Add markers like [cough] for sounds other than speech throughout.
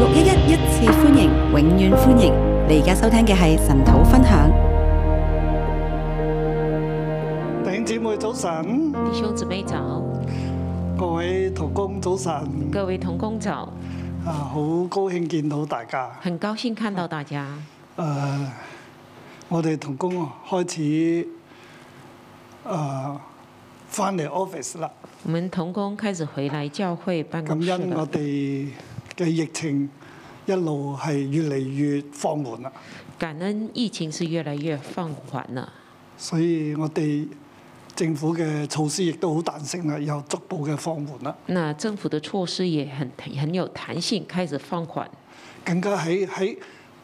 六一一一次歡迎，永遠歡迎！你而家收聽嘅係神土分享。弟兄姊妹早晨，弟兄姊妹早，各位同工早晨，各位同工早，啊，好高興見到大家，很高興看到大家。誒、啊，我哋同工開始誒翻嚟 office 啦。我們同工開始回來教會辦公室啦。感謝我哋。嘅疫情一路係越嚟越放緩啦。感恩疫情是越來越放緩啦。所以我哋政府嘅措施亦都好彈性啦，又逐步嘅放緩啦。嗱，政府嘅措施也很很有彈性，開始放緩，更加喺喺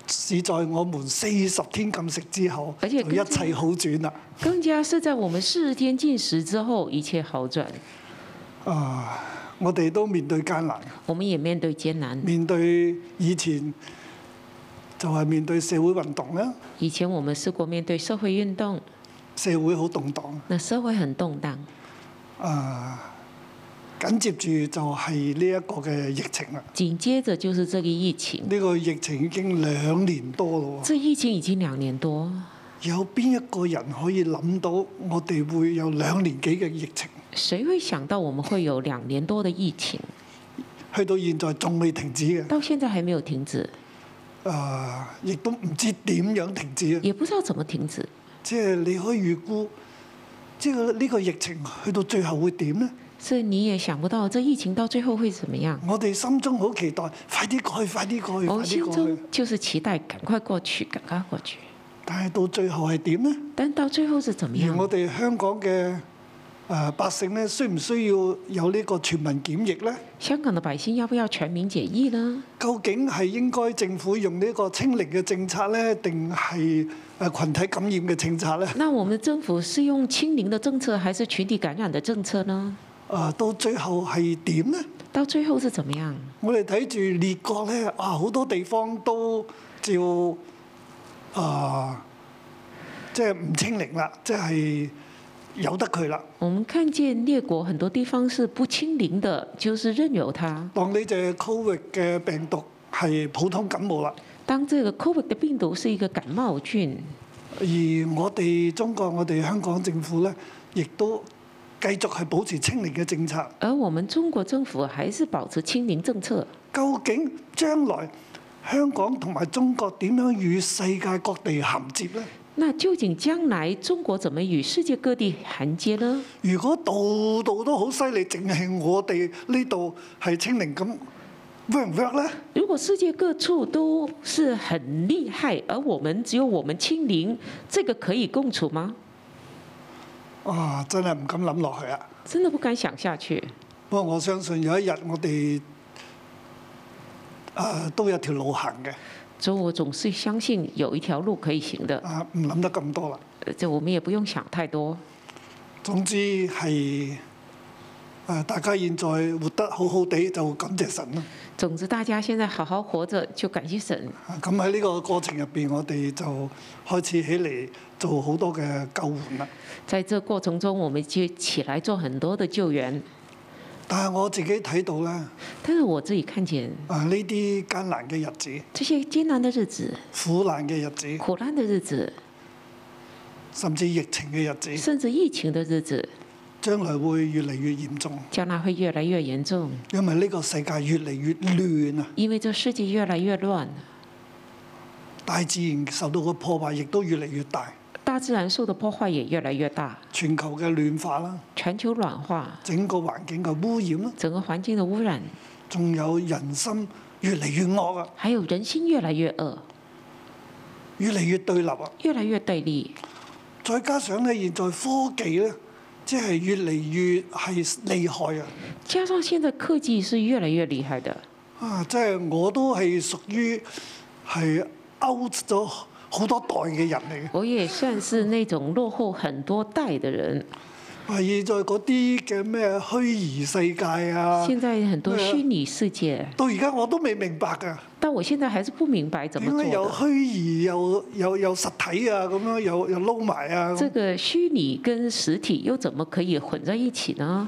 是在我們四十天禁食之後，而且一切好轉啦。更加是在我們四十天禁食之後，一切好轉。啊、呃。我哋都面對艱難。我們也面對艱難。面對以前就係面對社會運動啦。以前我們試過面對社會運動。社會好動盪。嗱，社會很動盪。啊，緊接住就係呢一個嘅疫情啦。緊接着就是這個疫情。呢個疫情已經兩年多咯喎。這疫情已經兩年多了。有邊一個人可以諗到我哋會有兩年幾嘅疫情？誰會想到我們會有兩年多的疫情？去到現在仲未停止嘅。到現在還沒有停止、呃。啊，亦都唔知點樣停止啊。也不知道怎麼停止。即係你可以預估，即係呢個疫情去到最後會點呢？所以你也想不到，這疫情到最後會怎麼樣？我哋心中好期待，快啲過去，快啲過去，我心中就是期待，趕快過去，趕快過去。但係到最後係點咧？但到最後是怎麼樣？我哋香港嘅。啊、百姓呢，需唔需要有呢個全民檢疫呢？香港嘅百姓要不要全民檢疫呢？究竟係應該政府用呢個清零嘅政策呢？定係羣體感染嘅政策呢？那我們政府是用清零的政策，還是羣體感染的政策呢？啊、到最後係點呢？到最後是怎麼樣？我哋睇住列國呢，啊，好多地方都照誒，即係唔清零啦，即係。由得佢啦。我們看見列國，很多地方是不清零的，就是任由他。當呢隻 covid 嘅病毒係普通感冒啦。當這個 covid 的病毒是一個感冒菌。而我哋中國、我哋香港政府咧，亦都繼續係保持清零嘅政策。而我們中國政府還是保持清零政策。究竟將來香港同埋中國點樣與世界各地銜接呢？那究竟將來中國怎麼與世界各地銜接呢？如果度度都好犀利，淨係我哋呢度係清零咁，work 唔 work 咧？如果世界各處都是很厲害，而我們只有我們清零，這個可以共處嗎？啊、哦！真係唔敢諗落去啊！真係不敢想下去。不過我相信有一日我哋、呃、都有條路行嘅。所以我總是相信有一條路可以行的。啊，唔諗得咁多啦。就我們也不用想太多。總之係，大家現在活得好好地就感謝神啦。總之大家現在好好活着就感謝神。咁喺呢個過程入邊，我哋就開始起嚟做好多嘅救援啦。在這過程中，我們就起來做很多嘅救援。但係我自己睇到啦，但是我自己看見啊，呢啲艱難嘅日子，這些艱難的日子，苦難嘅日子，苦難的日子，甚至疫情嘅日子，甚至疫情的日子，將來會越嚟越嚴重，將來會越來越嚴重，因為呢個世界越嚟越亂啊，因為這世界越來越亂，大自然受到嘅破壞亦都越嚟越大。大自然受的破壞也越來越大，全球嘅暖化啦，全球暖化，整個環境嘅污染啦，整個環境嘅污染，仲有人心越嚟越惡啊，還有人心越嚟越惡，越嚟越對立啊，越嚟越對立，再加上咧，現在科技咧，即係越嚟越係厲害啊，加上現在科技是越嚟越厲害的，啊，即係我都係屬於係 out 咗好多代嘅人嚟嘅。我也算是那種落後很多代嘅人。現在嗰啲嘅咩虛擬世界啊。現在很多虛擬世界。到而家我都未明白㗎。但我現在還是不明白怎麼做。點解有虛擬又又又實體啊？咁樣又又撈埋啊？這個虛擬跟實體又怎麼可以混在一起呢？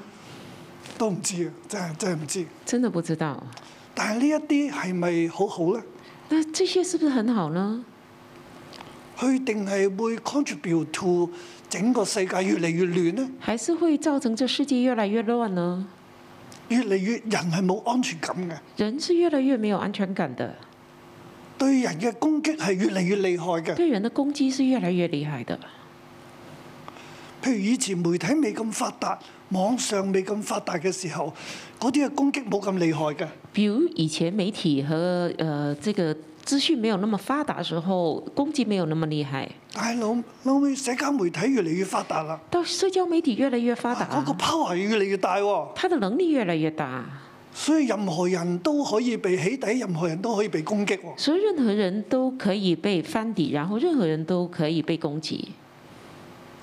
都唔知啊，真係真係唔知。真的不知道。但係呢一啲係咪好好咧？那這些是不是很好呢？佢定係會 contribute to 整個世界越嚟越亂呢？還是會造成這世界越來越亂呢？越嚟越人係冇安全感嘅。人是越來越沒有安全感的。對人嘅攻擊係越嚟越厲害嘅。對人嘅攻擊是越嚟越厲害的。譬如以前媒體未咁發達，網上未咁發達嘅時候，嗰啲嘅攻擊冇咁厲害嘅。比如以前媒體和誒、呃、這個。資訊沒有那麼發達時候，攻擊沒有那麼厲害。但係老老，社交媒體越嚟越發達啦。到社交媒體越來越發達，嗰個 power 越嚟越大喎。他的能力越來越大，所以任何人都可以被起底，任何人都可以被攻擊。所以任何人都可以被翻底，然後任何人都可以被攻擊。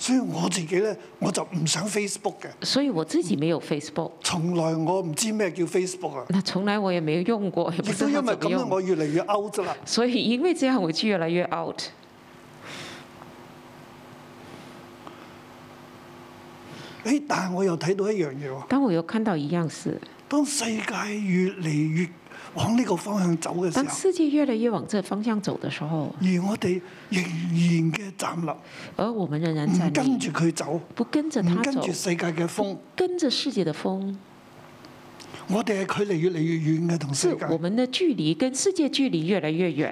所以我自己呢，我就唔上 Facebook 嘅。所以我自己沒有 Facebook。從來我唔知咩叫 Facebook 啊。那從來我也沒有用過。都因為咁樣，我越嚟越 out 咗啦。所以因為這樣，我就越來越 out。誒，但係我又睇到一樣嘢喎。當我又看到一樣事。當世界越嚟越往呢個方向走嘅時候，當世界越來越往這方向走嘅時候，而我哋仍然嘅站立，而我們仍然站立跟住佢走，不跟着他走，跟住世界嘅風，跟着世界嘅風，風。我哋嘅距離越嚟越遠嘅同世界，我們嘅距離跟世界距離越來越遠。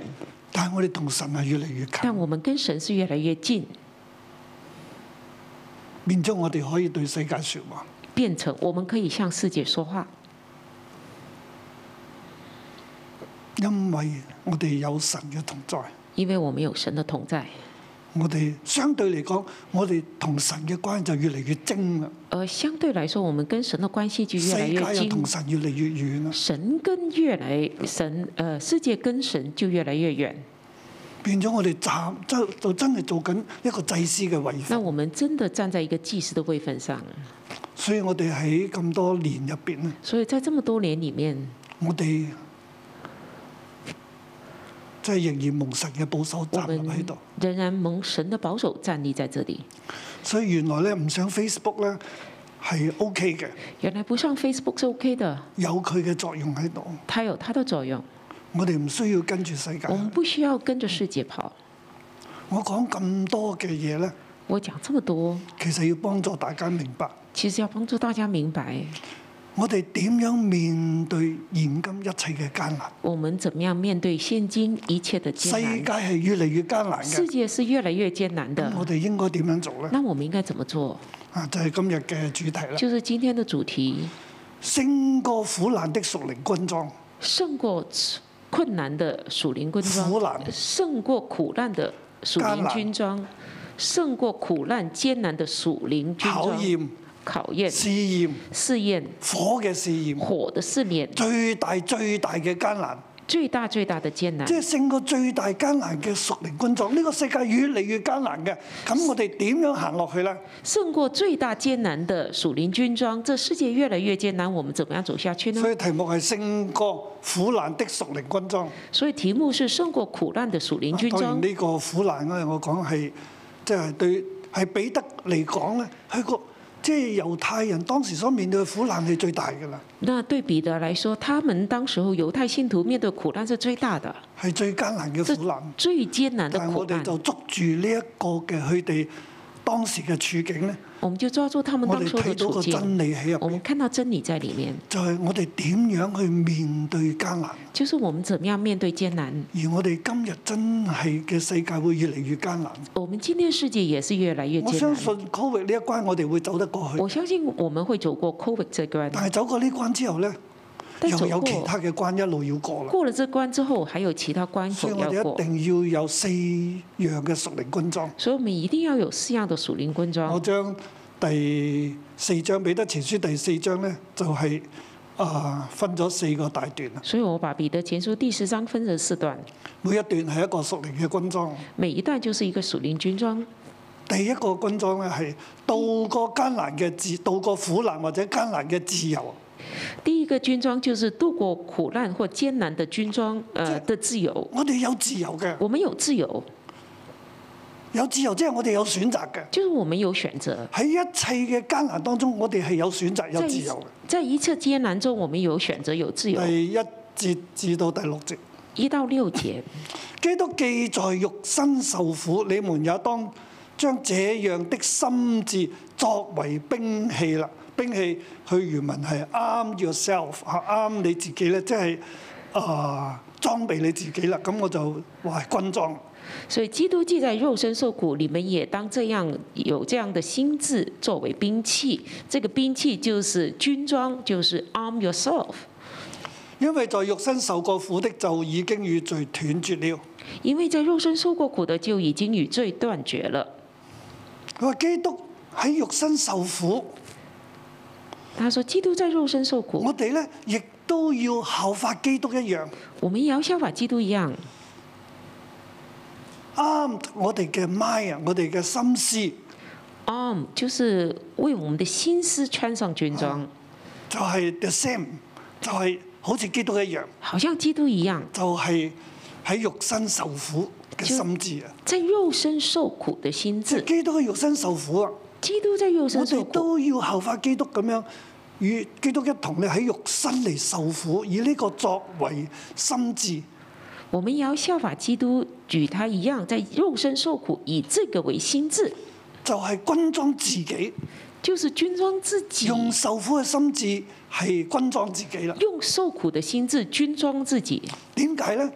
但係我哋同神係越嚟越近，但我們跟神是越來越近，變咗我哋可以對世界說話，變成我哋可以向世界說話。因為我哋有神嘅同在，因為我們有神的同在，我哋相對嚟講，我哋同神嘅關係就越嚟越精啦。誒，相對嚟說，我們跟神嘅關係就越嚟越，、呃、越，越精。同神越嚟越遠啦。神跟越來神誒、呃，世界跟神就越嚟越遠，變咗我哋真真就真係做緊一個祭司嘅位分。那我們真的站在一個祭司嘅位份上。所以我哋喺咁多年入邊咧，所以在這麼多年裡面，我哋。即係仍然蒙神嘅保守站立喺度，仍然蒙神嘅保守站立在這裡。所以原來咧唔上 Facebook 咧係 OK 嘅。原來不上 Facebook 係 OK 的，有佢嘅作用喺度。它有它的作用。我哋唔需要跟住世界。我們不需要跟着世界跑。我講咁多嘅嘢咧，我講這麼多，其實要幫助大家明白。其實要幫助大家明白。我哋點樣面對現今一切嘅艱難？我們怎麼樣面對現今一切的艱難？世界係越嚟越艱難。世界是越嚟越艱難的。越越難的我哋應該點樣做呢？那我們應該怎麼做？啊，就係、是、今日嘅主題啦。就是今天的主題。勝過苦難的屬靈軍裝。勝過困難的屬靈軍裝。苦難。勝過苦難的屬靈軍裝。艱難。勝過苦難艱難的屬靈軍裝。討厭。考驗、試驗試驗，火嘅試驗，火嘅試驗最大最大嘅艱難，最大最大嘅艱難。即、就、係、是、勝過最大艱難嘅屬靈軍裝。呢、這個世界越嚟越艱難嘅，咁我哋點樣行落去呢？勝過最大艱難嘅屬，屬靈軍裝，這世界越來越艱難，我們點樣走下去呢？所以題目係勝過苦難的屬靈軍裝。所以題目是勝過苦難的屬靈軍裝。呢、啊、個苦難咧、啊，我講係即係對係彼得嚟講咧，係個。即係猶太人當時所面對嘅苦難係最大嘅啦。那對彼得嚟說，他們當時候猶太信徒面對苦難是最大的，係最艱難嘅苦難。最艱難嘅苦難。但係我哋就捉住呢一個嘅佢哋當時嘅處境咧。我們就抓住他們當初的多結，我們看到真理在裡面。就係、是、我哋點樣去面對艱難？就是我們怎麼樣面對艱難？而我哋今日真係嘅世界會越嚟越艱難。我們今天的世界也是越來越艱難。我相信 Covid 呢一關我哋會走得過去。我相信我們會走過 Covid 這一關。但係走過呢關之後咧？有其他嘅關一路要過啦。過了這關之後，還有其他關要過。所以一定要有四樣嘅屬靈軍裝。所以，我們一定要有四樣嘅屬靈軍裝。我將第四章《四章就是呃、四彼得前書》第四章呢，就係啊，分咗四個大段。所以我把《彼得前書》第四章分咗四段。每一段係一個屬靈嘅軍裝。每一段就是一個屬靈軍裝、嗯。第一個軍裝呢，係渡過艱難嘅自渡過苦難或者艱難嘅自由。第一個軍裝就是度過苦難或艱難的軍裝，呃的自由。就是，我哋有自由嘅，我們有自由，有自由即係我哋有選擇嘅。就是我們有選擇。喺，就是，一切嘅艱難當中，我哋係有選擇有自由嘅。在一切艱難中，我們有選擇有自由。第一節至到第六節。一到六節。基督既在肉身受苦，你們也當將這樣的心智作為兵器啦。兵器去漁民係啱 yourself，嚇 a 你自己咧，即係啊裝備你自己啦。咁我就話軍裝。所以基督既在肉身受苦，你們也當這樣有這樣的心智作為兵器。這個兵器就是軍裝，就是啱 yourself。因為在肉身受過苦的，就已經與罪斷絕了。因為在肉身受過苦的，就已經與罪斷絕了。佢話基督喺肉身受苦。他說基督在肉身受苦，我哋咧亦都要效法基督一樣。我們也要效法基督一樣。啱、啊，我哋嘅 mind，我哋嘅心思。arm、啊、就是為我們嘅心思穿上軍裝。就係、是、the same，就係好似基督一樣。好像基督一樣。就係喺肉身受苦嘅心志啊！在肉身受苦嘅心志。基督喺肉身受苦啊！基督在肉身受苦。我哋都要效法基督咁樣。與基督一同咧喺肉身嚟受苦，以呢個作為心智。我們要效法基督，與他一樣在肉身受苦，以這個為心智，就係、是、軍裝自己，就是軍裝自己。用受苦嘅心智係軍裝自己啦。用受苦嘅心智軍裝自己，點解咧？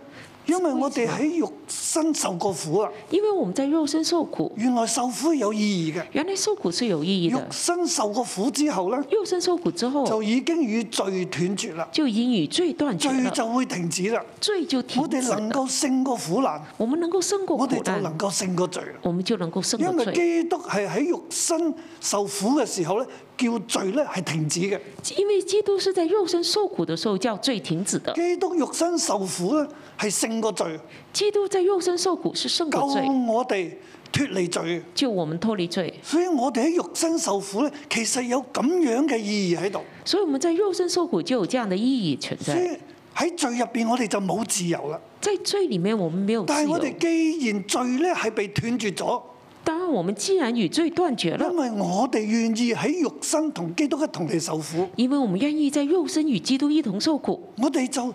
因為我哋喺肉身受過苦啊！因為我們在肉身受苦。原來受苦有意義嘅。原來受苦是有意義的。肉身受過苦之後呢，肉身受苦之後，就已經與罪斷絕啦。就已經與罪斷絕。罪就會停止啦。罪就停止。我哋能夠勝過苦難。我們能夠勝過苦難。我哋就能夠勝過罪。我們就能夠勝過罪。因為基督係喺肉身受苦嘅時候呢。叫罪咧係停止嘅，因為基督是在肉身受苦的時候叫罪停止的。基督肉身受苦咧係勝過罪。基督在肉身受苦是勝過罪。救我哋脫離罪，救我們脫離罪。所以我哋喺肉身受苦咧，其實有咁樣嘅意義喺度。所以我們在肉身受苦就有這樣的意義存在。所以喺罪入邊，我哋就冇自由啦。在罪裏面，我們沒有自由。但係我哋既然罪咧係被斷絕咗。當然我們既然與罪斷絕了，因為我哋願意喺肉身同基督一同嚟受苦，因為我們願意在肉身與基督一同受苦，我哋就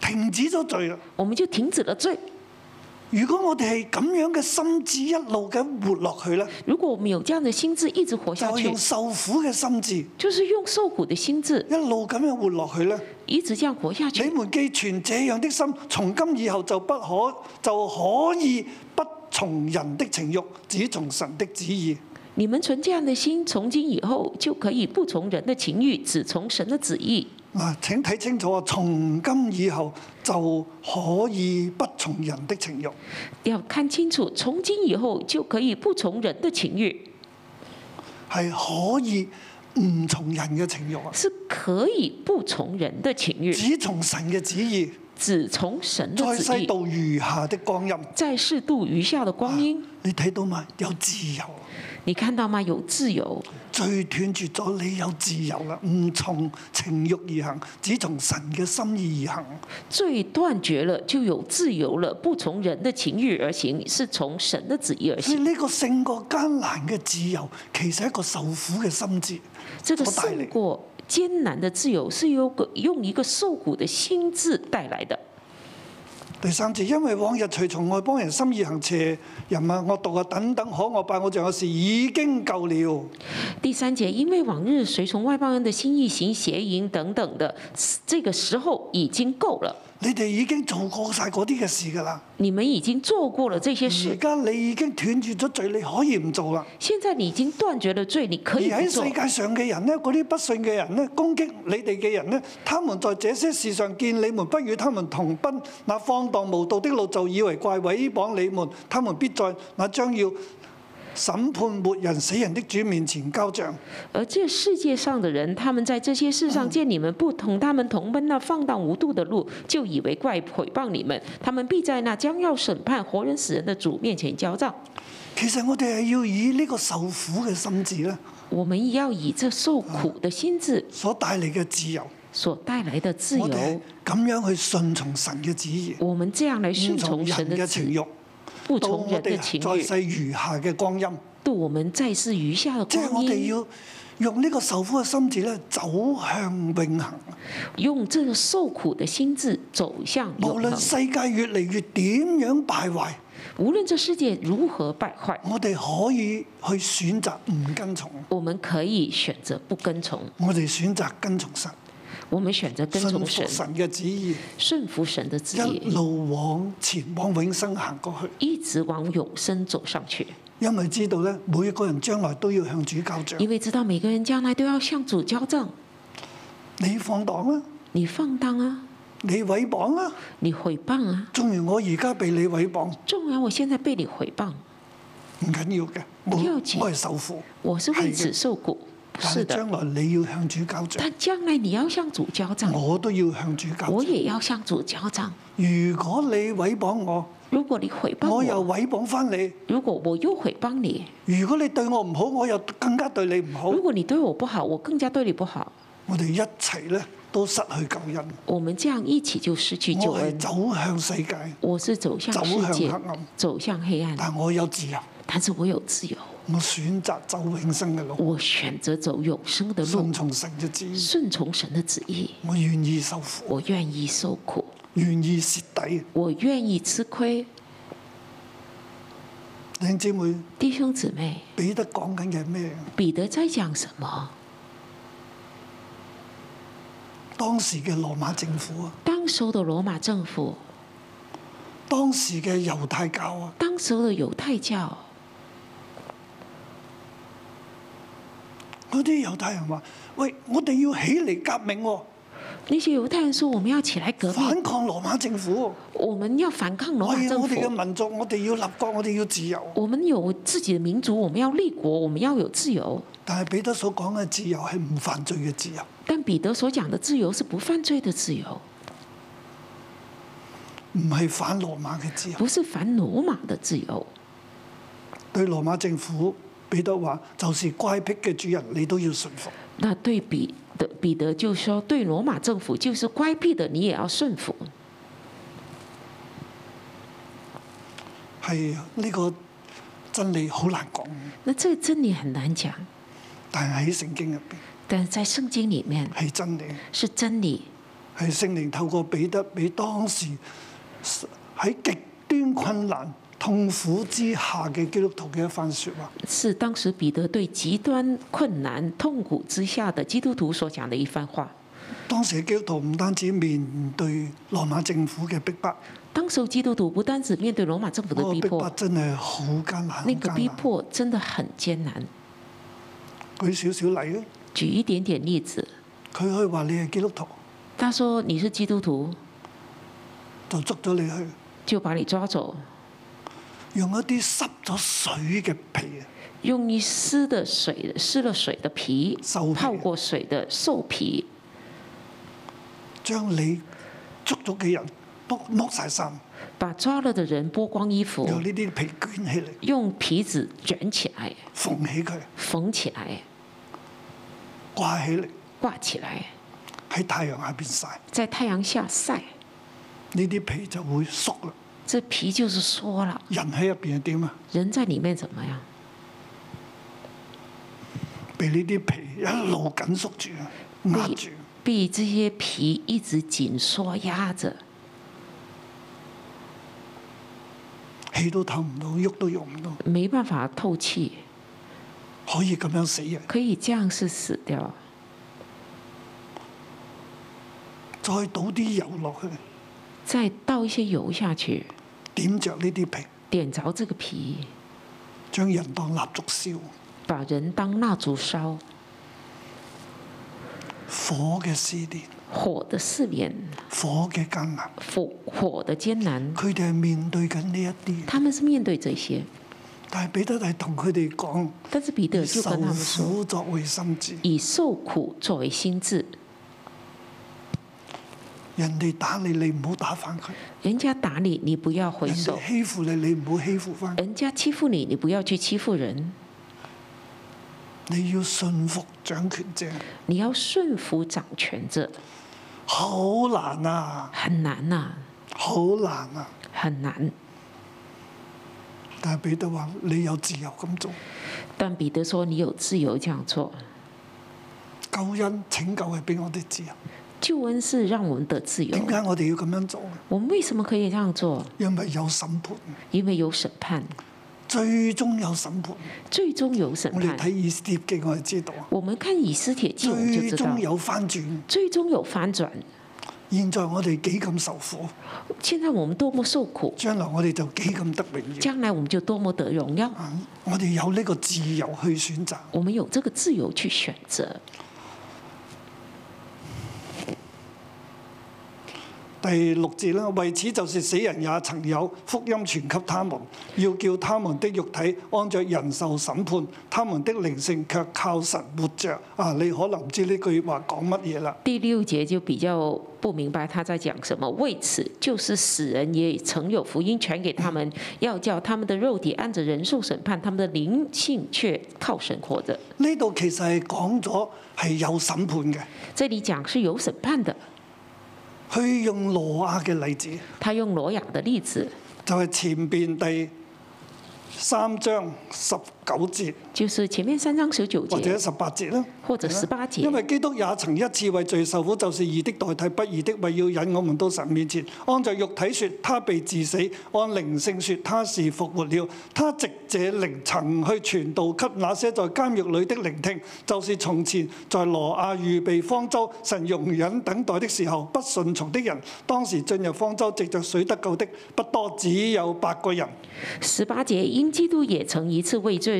停止咗罪啦。我們就停止了罪。如果我哋係咁樣嘅心志一路咁活落去咧，如果我們有這樣嘅心志一直活下去，就是、用受苦嘅心志，就是用受苦嘅心志一路咁樣活落去咧，一直這樣活下去。你們既存這樣的心，從今，今以後就不可就可以不從人的情欲，只從神的旨意。你們存這樣的心，從今以後就可以不從人的情欲，只從神的旨意。嗱，請睇清楚啊！從今以後就可以不從人的情欲。要看清楚，從今以後就可以不從人的情欲，係可以唔從人嘅情欲，啊？是可以不從人嘅情欲。只從神嘅旨意。只從神。在世度餘下的光陰。在世度餘下的光陰，啊。你睇到嗎？有自由。你看到嗎？有自由。最斷絕咗你有自由啦，唔從情欲而行，只從神嘅心意而行。最斷絕了就有自由了，不從人的情欲而行，是從神嘅旨意而行。呢個勝過艱難嘅自由，其實係一個受苦嘅心智。我這個勝過艱難的自由，是由個用一個受苦嘅心智帶來嘅。第三節，因為往日隨從外邦人心意行邪淫、淫惡毒啊等等可惡拜偶像嘅事已經夠了。第三節，因為往日隨從外邦人的心意行邪淫等等的，這個時候已經夠了。你哋已經做過晒嗰啲嘅事㗎啦！你們已經做過了這些事。而家你已經斷絕咗罪，你可以唔做啦。現在你已經斷絕了罪，你可以唔做。而喺世界上嘅人呢，嗰啲不信嘅人呢，攻擊你哋嘅人呢，他們在這些事上見你們不與他們同奔那放蕩無道的路，就以為怪毀謗你們，他們必在那將要審判活人死人的主面前交賬。而這世界上的人，他們在這些事上見你們不同，他們同奔那放蕩無度的路，就以為怪誹謗你們。他們必在那將要審判活人死人的主面前交賬。其實我哋係要以呢個受苦嘅心志咧。我們要以這受苦嘅心志所帶嚟嘅自由。所帶來的自由。咁樣去順從神嘅旨意。我們這樣嚟順從神嘅情慾。度我們再世餘下嘅光陰，度我們再世餘下嘅光陰。即係我哋要用呢個受苦嘅心智咧，走向永恆。用這個受苦嘅心智走向永恆。無論世界越嚟越點樣敗壞，無論這世界如何敗壞，我哋可以去選擇唔跟從。我們可以選擇不跟從，我哋選擇跟從神。我們選擇跟從神，順服神嘅旨意，順服神的旨意，一路往前往永生行過去，一直往永生走上去。因為知道呢，每一個人將來都要向主交賬。因為知道每個人將來都要向主交賬。你放蕩啊！你放蕩啊！你毀謗啊！你毀謗啊！縱然我而家被你毀謗，縱然我現在被你毀謗，唔緊要嘅，不要緊，我係受苦，我是為此受苦。但係將來你要向主交帳。但將來你要向主交帳。我都要向主交帳。我也要向主交帳。如果你毀謗我，如果你毀謗我，我又毀謗翻你。如果我又回謗你，如果你對我唔好，我又更加對你唔好。如果你對我不好，我更加對你不好。我哋一齊咧都失去救恩。我們這樣一起就失去救恩。我係走向世界。我是走向世界。走向黑暗。走向黑暗。但我有自由。但是我有自由。我選擇走永生嘅路。我選擇走永生的路。順從神的旨意。順從神的旨意。我願意受苦。我願意受苦。願意蝕底。我願意吃虧。你我弟兄姊妹。弟兄姊妹。彼得講緊嘅咩？彼得在講什麼？當時嘅羅馬政府啊。當時的羅馬政府。當時嘅猶太教啊。當時的猶太教。嗰啲猶太人話：喂，我哋要起嚟革命喎、哦！那些猶太人說：我們要起來革命，反抗羅馬政府、哦。我們要反抗羅馬政府。我哋嘅民族，我哋要立國，我哋要自由。我們有自己嘅民族，我們要立國，我們要有自由。但係彼得所講嘅自由係唔犯罪嘅自由。但彼得所講嘅自由是不犯罪嘅自由，唔係反羅馬嘅自由，不是反羅馬嘅自，自，自由，對羅馬政府。彼得話：就是乖僻嘅主人，你都要順服。那對彼得，彼得就說：對羅馬政府就是乖僻的，你也要順服。係，呢個真理好難講。那這個真理很難講，但係喺聖經入邊。但在聖經裡面係真理，是真理。係聖靈透過彼得，俾當時喺極端困難痛苦之下嘅基督徒嘅一番說話，是當時彼得對極端困難痛苦之下的基督徒所講嘅一番話。當時嘅基督徒唔單止面對羅馬政府嘅逼迫，當時基督徒不單止面對羅馬政府嘅逼迫、的逼迫真係好艱難。呢、那個逼迫真的很艱難。舉少少例啊，舉一點點例子。佢可以話：「你係基督徒」，他說：「你是基督徒，就捉咗你去，就把你抓走。」用一啲濕咗水嘅皮啊！用一啲濕的水、濕咗水嘅皮，皮、泡過水嘅獸皮，將你捉咗嘅人剝剝晒衫。把抓咗嘅人剝光衣服。用呢啲皮捲起嚟。用皮子捲起來。縫起佢。縫起來。掛起嚟。掛起來。喺太陽下邊曬。在太陽下曬，呢啲皮就會縮啦。這皮就是縮啦，人喺入面點啊？人在裏面怎麼樣？被呢啲皮一路緊縮住，壓住，被這些皮一直緊縮壓着，氣都透唔到，喐都喐唔到，沒辦法透氣。可以咁樣死啊？可以，這樣是死掉。再倒啲油落去。再倒一些油下去。點着呢啲皮，點着這個皮，將人當蠟燭燒，把人當蠟燭燒，火嘅試煉，火的試煉，火嘅艱難，火嘅艱難，佢哋係面對緊呢一啲，他們是面對這些，但係彼得係同佢哋講，但是彼得以受苦作為心智，以受苦作為心智。人哋打你，你唔好打返佢；人家打你，你不要回手；人哋欺負你，你唔好欺負返；人家欺負你，你不要去欺負人。你要順服掌權者，你要順服掌權者，好難啊！很難啊！好難啊！很難。但彼得話：你有自由咁做。但彼得說：你有自由這樣做。救恩拯救係俾我哋自由。救恩是讓我們得自由。點解我哋要咁樣做？我們為什麼可以這樣做？因為有審判。因為有審判。最終有審判。最終有審判。我哋睇以斯帖記，我哋知道啊。我們看以斯帖記，我們就知道。最終有翻轉。最終有翻轉。現在我哋幾咁受苦？現在我們多麼受苦？將來我哋就幾咁得榮？將來我們就多麼得榮耀？我哋有呢個自由去選擇。我們有這個自由去選擇。第六節啦，為此就是死人也曾有福音傳給他們，要叫他們的肉體按着人受審判，他們的靈性卻靠神活著。啊，你可能唔知呢句話講乜嘢啦。第六節就比較不明白他在講什麼。為此就是死人也曾有福音傳給他們，要叫他們的肉體按着人受審判，他們的靈性卻靠神活着。呢度其實係講咗係有審判嘅。這裡講是有審判的。去用挪亞嘅例子，他用挪亞的例子，就係、是、前邊第三章十。九節就是前面三章十九節或者十八節啦，或者十八節，因為基督也曾一次為罪受苦，就是義的代替不義的，為要引我們到神面前。按着肉體說，他被治死；按靈性說，他是復活了。他藉這靈曾去傳道給那些在監獄裏的，聆聽就是從前在羅亞預備方舟，神容忍等待的時候，不順從的人，當時進入方舟藉著水得救的不多，只有八個人。十八節因基督也曾一次為罪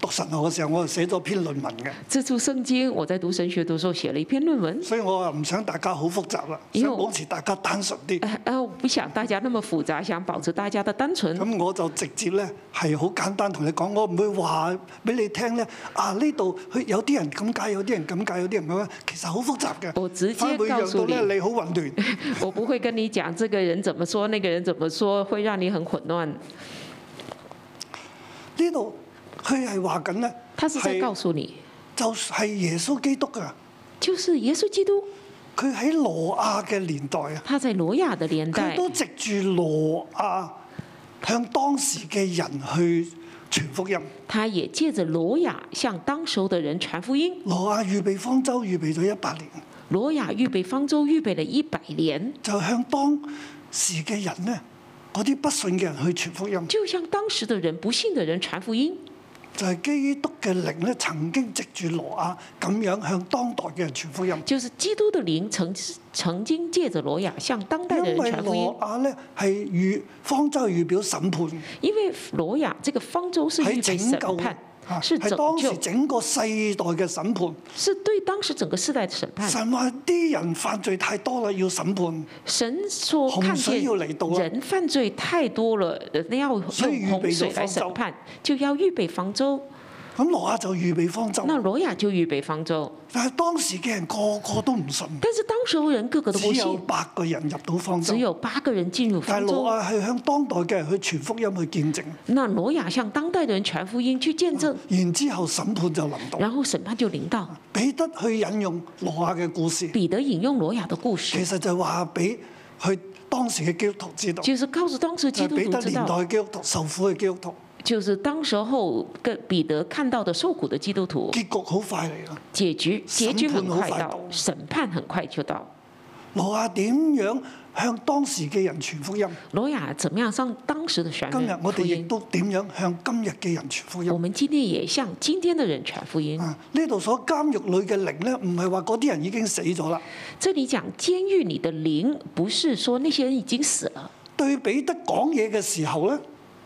讀神學嘅時候，我係寫咗篇論文嘅。讀出聖經，我在讀神學時候寫了一篇論文。所以我唔想大家好複雜啦，想保持大家單純啲、呃呃。我不想大家那麼複雜，想保持大家的單純。咁、嗯、我就直接咧，係好簡單同你講，我唔會話俾你聽咧。啊，呢度有啲人咁解，有啲人咁解，有啲人咁解，其實好複雜嘅。我直接告訴你，你好混亂。我不會跟你講，這個人怎麼說，那個人怎麼說，會讓你很混亂。呢度。佢係話緊咧，你，就係耶穌基督啊！就是耶穌基督，佢喺挪亞嘅年代啊！他在挪亞的年代，佢都藉住挪亞向當時嘅人去傳福音。他也借着挪亞向當時候的人傳福音。挪亞預備方舟預備咗一百年。挪亞預備方舟預備了一百年，就向當時嘅人呢，嗰啲不信嘅人去傳福音。就向當時嘅人不信嘅人傳福音。就係、是、基督嘅靈曾經藉住挪亞咁樣向當代嘅人傳福音。就是基督嘅靈曾曾經藉著挪亞向當代嘅人傳福音。因為挪亞咧係預方舟預表審判。因為挪亞這個方舟係一個審判。係當時整個世代嘅審判，係對當時整個世代嘅審判。神說啲人犯罪太多啦，要審判。神說看見人犯罪太多了，要，來到了人要用洪水嚟審判，就要預備方舟。咁羅亞就預備方舟，那羅亞就預備方舟。但係當時嘅人個個都唔信，但是當時人個個都唔信。只有八個人入到方舟，只有八個人進入方舟。但羅亞係向當代嘅人去傳福音去見證。那羅亞向當代嘅人傳福音去見證。然之後審判就臨到，然後審判就臨到。彼得去引用羅亞嘅故事，彼得引用羅亞嘅故事。其實就話俾佢當時嘅基督徒知道，其實告知當時基督徒知道，彼得年代嘅基督徒受苦嘅基督徒。就是當時候個彼得看到的受苦的基督徒，結局好快嚟咯，結局，結局很快，很快到，審判很快就到。羅亞點樣向當時嘅人傳福音？羅亞點樣向當時嘅人？今日我哋亦都點樣向今日嘅人傳福音？我們今天也向今天嘅人傳福音。啊，呢度所監獄裡嘅靈呢，唔係話嗰啲人已經死咗啦。這裡講監獄裡嘅靈，不是說那些人已經死了。對彼得講嘢嘅時候咧？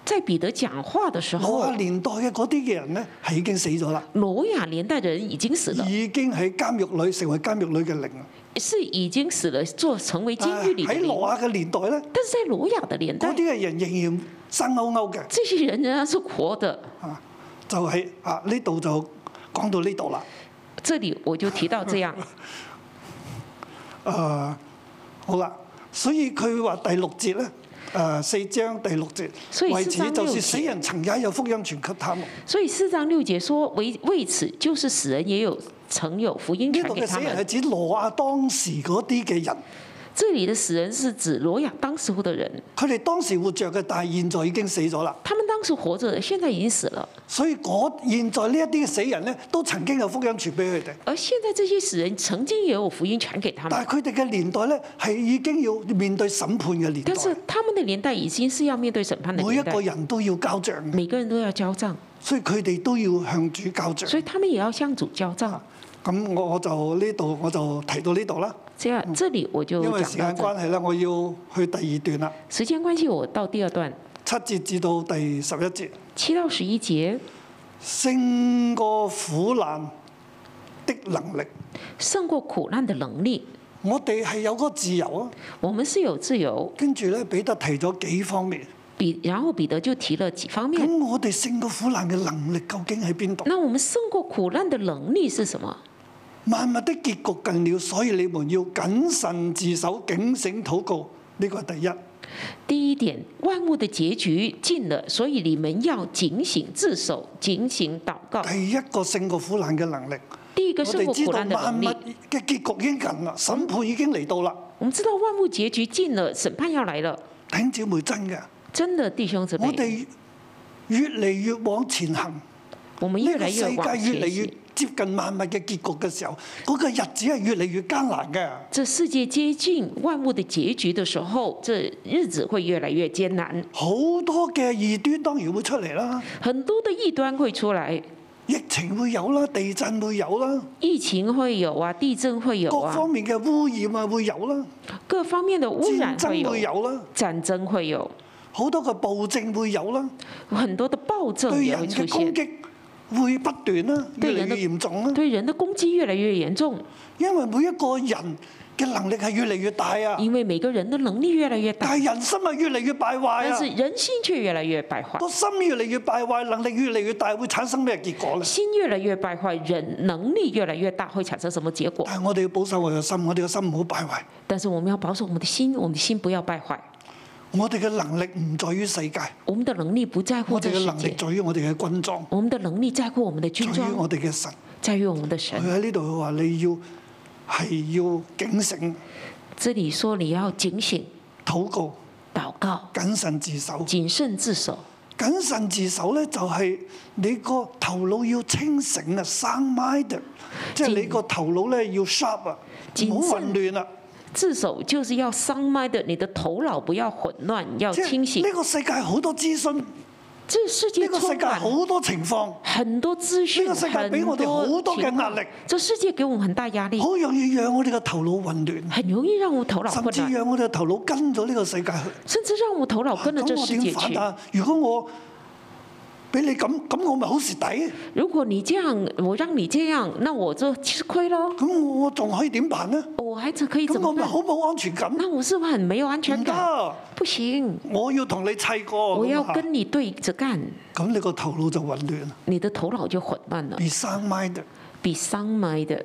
在彼得講話嘅時候，羅亞年代嘅嗰啲嘅人咧係已經死咗啦。羅亞年代嘅人已經死咗，已經喺監獄裏成為監獄裏嘅靈啦。是已經死了做成為監獄裏。喺羅亞嘅年代咧，但係喺羅亞嘅年代，嗰啲嘅人仍然生勾勾嘅。這些人仍然係活嘅，啊，就係啊呢度就講到呢度啦。這裡我就提到這樣。啊、 [laughs] 呃，好啦，所以佢話第六節咧。誒四章第六節，所以四章六節，為此就是死人曾也有福音傳給他們。所以四章六節說為，為為此就是死人也有曾有福音傳給他們。呢度嘅死人係指挪亞當時啲嘅人。這裡的死人是指挪亞當時候的人，佢哋當時活着嘅，但係現在已經死咗啦。他們當時活着，現在已經死了。所以嗰現在呢一啲死人呢，都曾經有福音傳俾佢哋。而現在這些死人曾經也有福音傳給佢哋。但係佢哋嘅年代咧，係已經要面對審判嘅年代。但是他們嘅年代已經是要面對審判嘅年代。每一個人都要交賬，每個人都要交賬，所以佢哋都要向主交賬。所以他們也要向主交賬。咁、嗯、我我就呢度我，我，我就提到呢度啦。這裡我就因為時間關係啦，我要去第二段啦。時間關係，我到第二段。七節至到第十一節。七到十一節，勝過苦難的能力。勝過苦難的能力。我哋係有個自由啊。我們是有自由。跟住咧，彼得提咗幾方面。比，然後彼得就提了幾方面。咁我哋勝過苦難嘅能力究竟喺邊度？那我們勝過苦難的能力是什麼？萬物的結局近了，所以你們要謹慎自守，警醒禱告，呢個係第一。第一點，萬物的結局近了，所以你們要警醒自守，警醒禱告。第一個勝過苦難嘅能力。第二個勝過苦難嘅能力。我哋知道萬物嘅結局已經近啦、嗯，審判已經嚟到啦。我們知道萬物結局近了，審判要嚟了。聽姐妹真嘅。真的，弟兄姊妹。我哋越嚟越往前行。我們越嚟越往前行。這個接近萬物嘅結局嘅時候，嗰、那個日子係越嚟越艱難嘅。這世界接近萬物嘅結局嘅時候，這日子會越嚟越艱難。好多嘅異端當然會出嚟啦。很多嘅異端會出嚟。疫情會有啦，地震會有啦。疫情會有啊，地震會有。各方面嘅污染啊會有啦。各方面嘅污染會有啦。戰爭會有。好多嘅暴政會有啦。很多嘅暴，暴政也會出現。會不斷啦、啊，越嚟越嚴重啊！對人的，對人的攻擊越來越嚴重。因為每一個人嘅能力係越嚟越大啊！因為每個人嘅能力越嚟越大。但係人心係越嚟越敗壞啊！但是人心卻越來越敗壞、啊。個心越嚟越敗壞，能力越嚟越大，會產生咩結果咧？心越來越敗壞，人能力越來越大，會產生什麼結果？但係我哋要保守我哋嘅心，我哋嘅心唔好敗壞。但是我們要保守我們嘅心，我們嘅心不要敗壞。我哋嘅能力唔在於世界，我們嘅能力不在乎。我哋嘅能力在於我哋嘅軍裝，我們的能力在乎我們嘅軍裝，在於我哋嘅神，在於我們嘅神。佢喺呢度話：你要係要警醒。這裡你說你要警醒，禱告，禱告，謹慎自守。謹慎自守，謹慎自守咧，就係、是、你個頭腦要清醒啊，生 mind，即係你個頭腦咧要 sharp 啊，唔好混亂啊。自首就是要上埋的，你的頭腦不要混亂，要清醒。呢、這個世界好多資訊，呢、這個世界好、這個、多情況，很多資訊，呢個世界俾我哋好多嘅壓力。呢個世界給我們很多，很多，呢個世界給我們很大壓力，好容易讓我哋嘅頭腦混亂，很容易讓我頭腦，甚至讓我哋嘅頭腦跟咗呢個世界去，甚至讓我頭腦跟咗呢個世界去。如果我俾你咁咁，我咪好蝕底。如果你這樣，我讓你這樣，那我就吃虧咯。咁我仲可以點辦呢？我還可以。咁我咪好冇安全感。那我是不是很沒有安全感？不行。我要同你砌過。我要跟你對着幹。咁你個頭腦就混亂喇。你的頭腦就混亂了。Be sound minded，Be sound minded。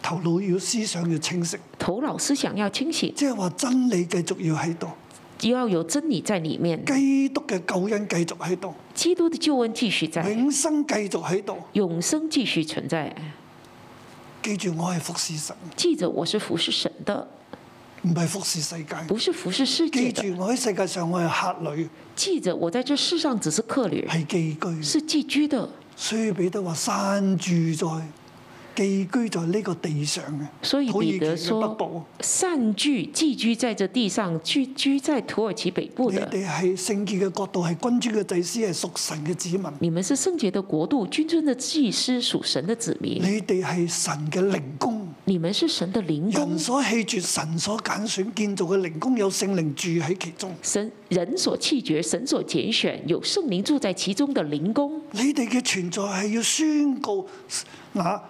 頭腦要思想要清晰。頭腦思想要清晰。即係話真理繼續要喺度，只要有真理在裡面。基督嘅救恩繼續喺度。基督的救恩繼續在，永生繼續喺度，永生繼續存在。記住我係服侍神，記住我是服侍神的，唔係服侍世界，唔係服侍世界。世界記住我喺世界上我係客旅，記住我喺這世上只是客旅，係寄居，是寄居的。所以彼得話山住在。寄居在呢個地上嘅，所以彼得說，散居寄居在這地上，居居在土耳其北部的。你哋係聖潔嘅國度，係君尊嘅祭司，係屬神嘅子民。你們是聖潔的國度，君尊的祭司，屬神的子民。你哋係神嘅靈宮。你們是神的靈宮。人所棄絕，神所揀選，建造嘅靈宮，有聖靈住喺其中。神人所棄絕，神所揀選，有聖靈住在其中的靈宮。你哋嘅存在係要宣告啊！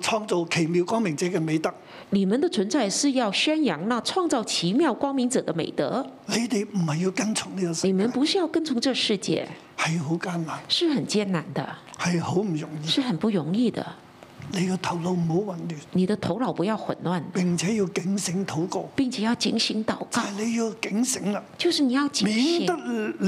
創造奇妙光明者嘅美德，你們的存在是要宣揚那創造奇妙光明者的美德。你哋唔係要跟從呢個世界。你們不是要跟從這世界。係好艱難。是很艱難的，係好唔容易，是很不容易的。你個頭腦唔好混亂，你的頭腦不要混亂，並且要警醒禱告，並且要警醒禱告。就是、你要警醒啦，就是你要警醒，免得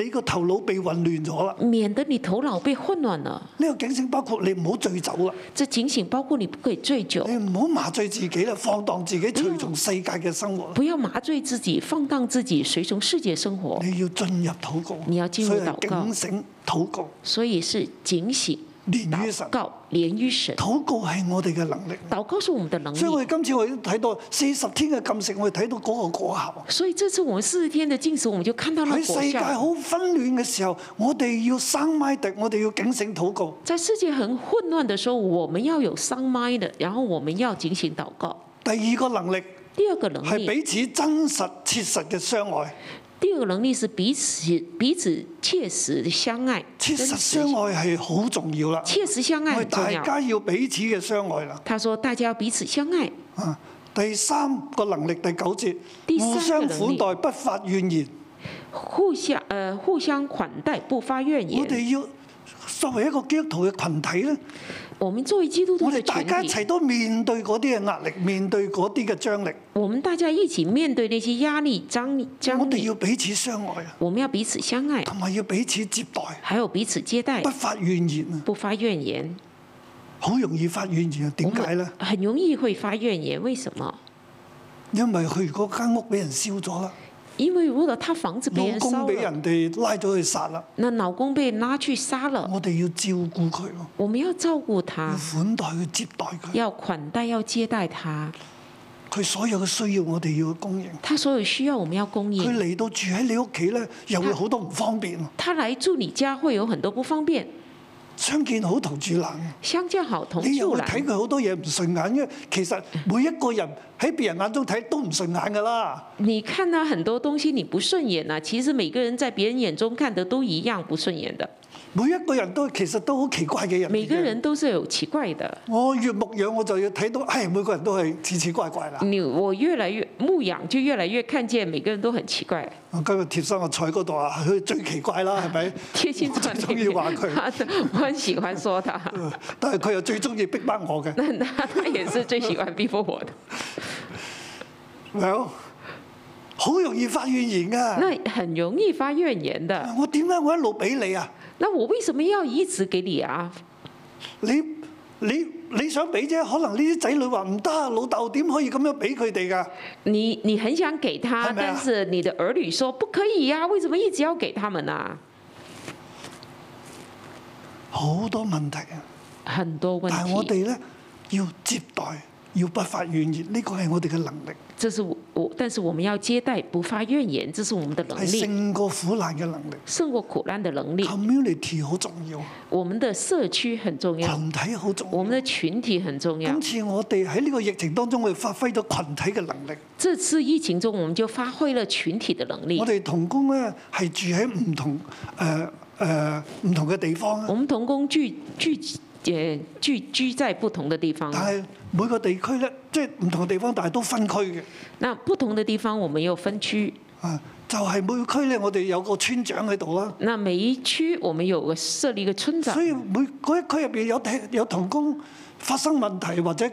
你個頭腦被混亂咗啦，免得你頭腦被混亂啦。呢個警醒包括你唔好醉酒啦，這警醒包括你不可以醉酒，你唔好麻醉自己啦，放蕩自己隨從世界嘅生活、啊，不要麻醉自己放蕩自己隨從世界生活。你要進入禱告，你要進入到警醒禱告，所以是警醒。連於神，告連於神，禱告係我哋嘅能力。禱告係我哋嘅能力。所以我哋今次我哋睇到四十天嘅禁食，我哋睇到嗰個果效。所以這次我們四十天嘅禁食，我們就看到了果效。喺世界好混亂嘅時候，我哋要生麥迪，我哋要警醒禱告。在世界很混亂嘅時候，我們要有生麥的，然後我們要警醒禱告。第二個能力，第二個能力係彼此真實切實嘅相愛。第二個能力是彼此彼此切實的相愛,相愛，切實相愛係好重要啦，切實相愛重要，大家要彼此嘅相愛啦。他說大家要彼此相愛。啊，第三個能力第九節，互相款待不發怨言，互相誒，呃，互相款待不發怨言。我哋要作為一個基督徒嘅群體咧。我們作為基督徒，我哋大家一齊都面對嗰啲嘅壓力，面對嗰啲嘅張力。我們大家一起面對那些壓力、張力。我哋要彼此相愛啊！我們要彼此相愛，同埋要彼此接待。還有彼此接待，不發怨言啊！不發怨言，好容易發怨言啊，點解呢？很容易會發怨言，為什麼？因為佢嗰間屋俾人燒咗啦。因為如果他房子被燒，老公俾人哋拉咗去殺啦。那老公被拉去殺了，我哋要照顧佢。我們要照顧佢，款待佢接待佢，要款待要接待佢。佢所有嘅需要，我哋要供應。佢所有需要，我哋要供應。佢嚟到住喺你屋企咧，又會好多唔方便。佢嚟住你家，會有很多不方便。相見好同住難，相見好同住難。你睇佢好多嘢唔順眼，因、嗯、其實每一個人喺別人眼中睇都唔順眼噶啦。你看到、啊、很多東西你不順眼啦、啊，其實每個人在別人眼中看的都一樣不順眼的。每一個人都其實都好奇怪嘅人，每個人都是有奇怪嘅。我越牧養我就要睇到，係每個人都係奇奇怪怪啦。我越來越牧養，就越來越看見每個人都很奇怪。今日貼身我坐嗰度啊，佢最奇怪啦，係咪？貼身坐嗰邊，我中意話佢，我，喜歡，我很喜歡說他。 [laughs] 但係佢又最中意逼迫我嘅。 [laughs] 那那他也是最喜歡逼迫我嘅。 [laughs] Well，好容易發怨言啊！那很容易發怨言嘅。我點解我一路俾你啊？那我為什麼要一直給你啊？你你你想俾啫，可能呢啲仔女話唔得啊，老豆點可以咁樣俾佢哋噶？你你很想給他是是，但是你的兒女說不可以呀、啊，為什麼一直要給他們呢、啊？好多問題啊！很多問題。但係我哋咧要接待，要不發怨言，呢、這個係我哋嘅能力。這是我，我但是我們要接待，不發怨言，這是我們的能力。勝過苦難嘅能力。勝過苦難的能力。Community 好重要。我們的社區很重要。群體好重要。我們的群體很重要。今次我哋喺呢個疫情當中，我哋發揮咗群體嘅能力。這次疫情中，我們就發揮了群體嘅能力。我哋同工咧係住喺唔同誒誒唔同嘅地方。我們同工住住。誒住居，居在不同的地方的，但係每個地區咧，即係唔同嘅地方，但係都分區嘅。那不同的地方，我們要分區，啊，就係、是、每區咧，我哋有個村長喺度啦。那每一區，我們有個設立個村長，所以每嗰一區入邊有聽有同工發生問題或者。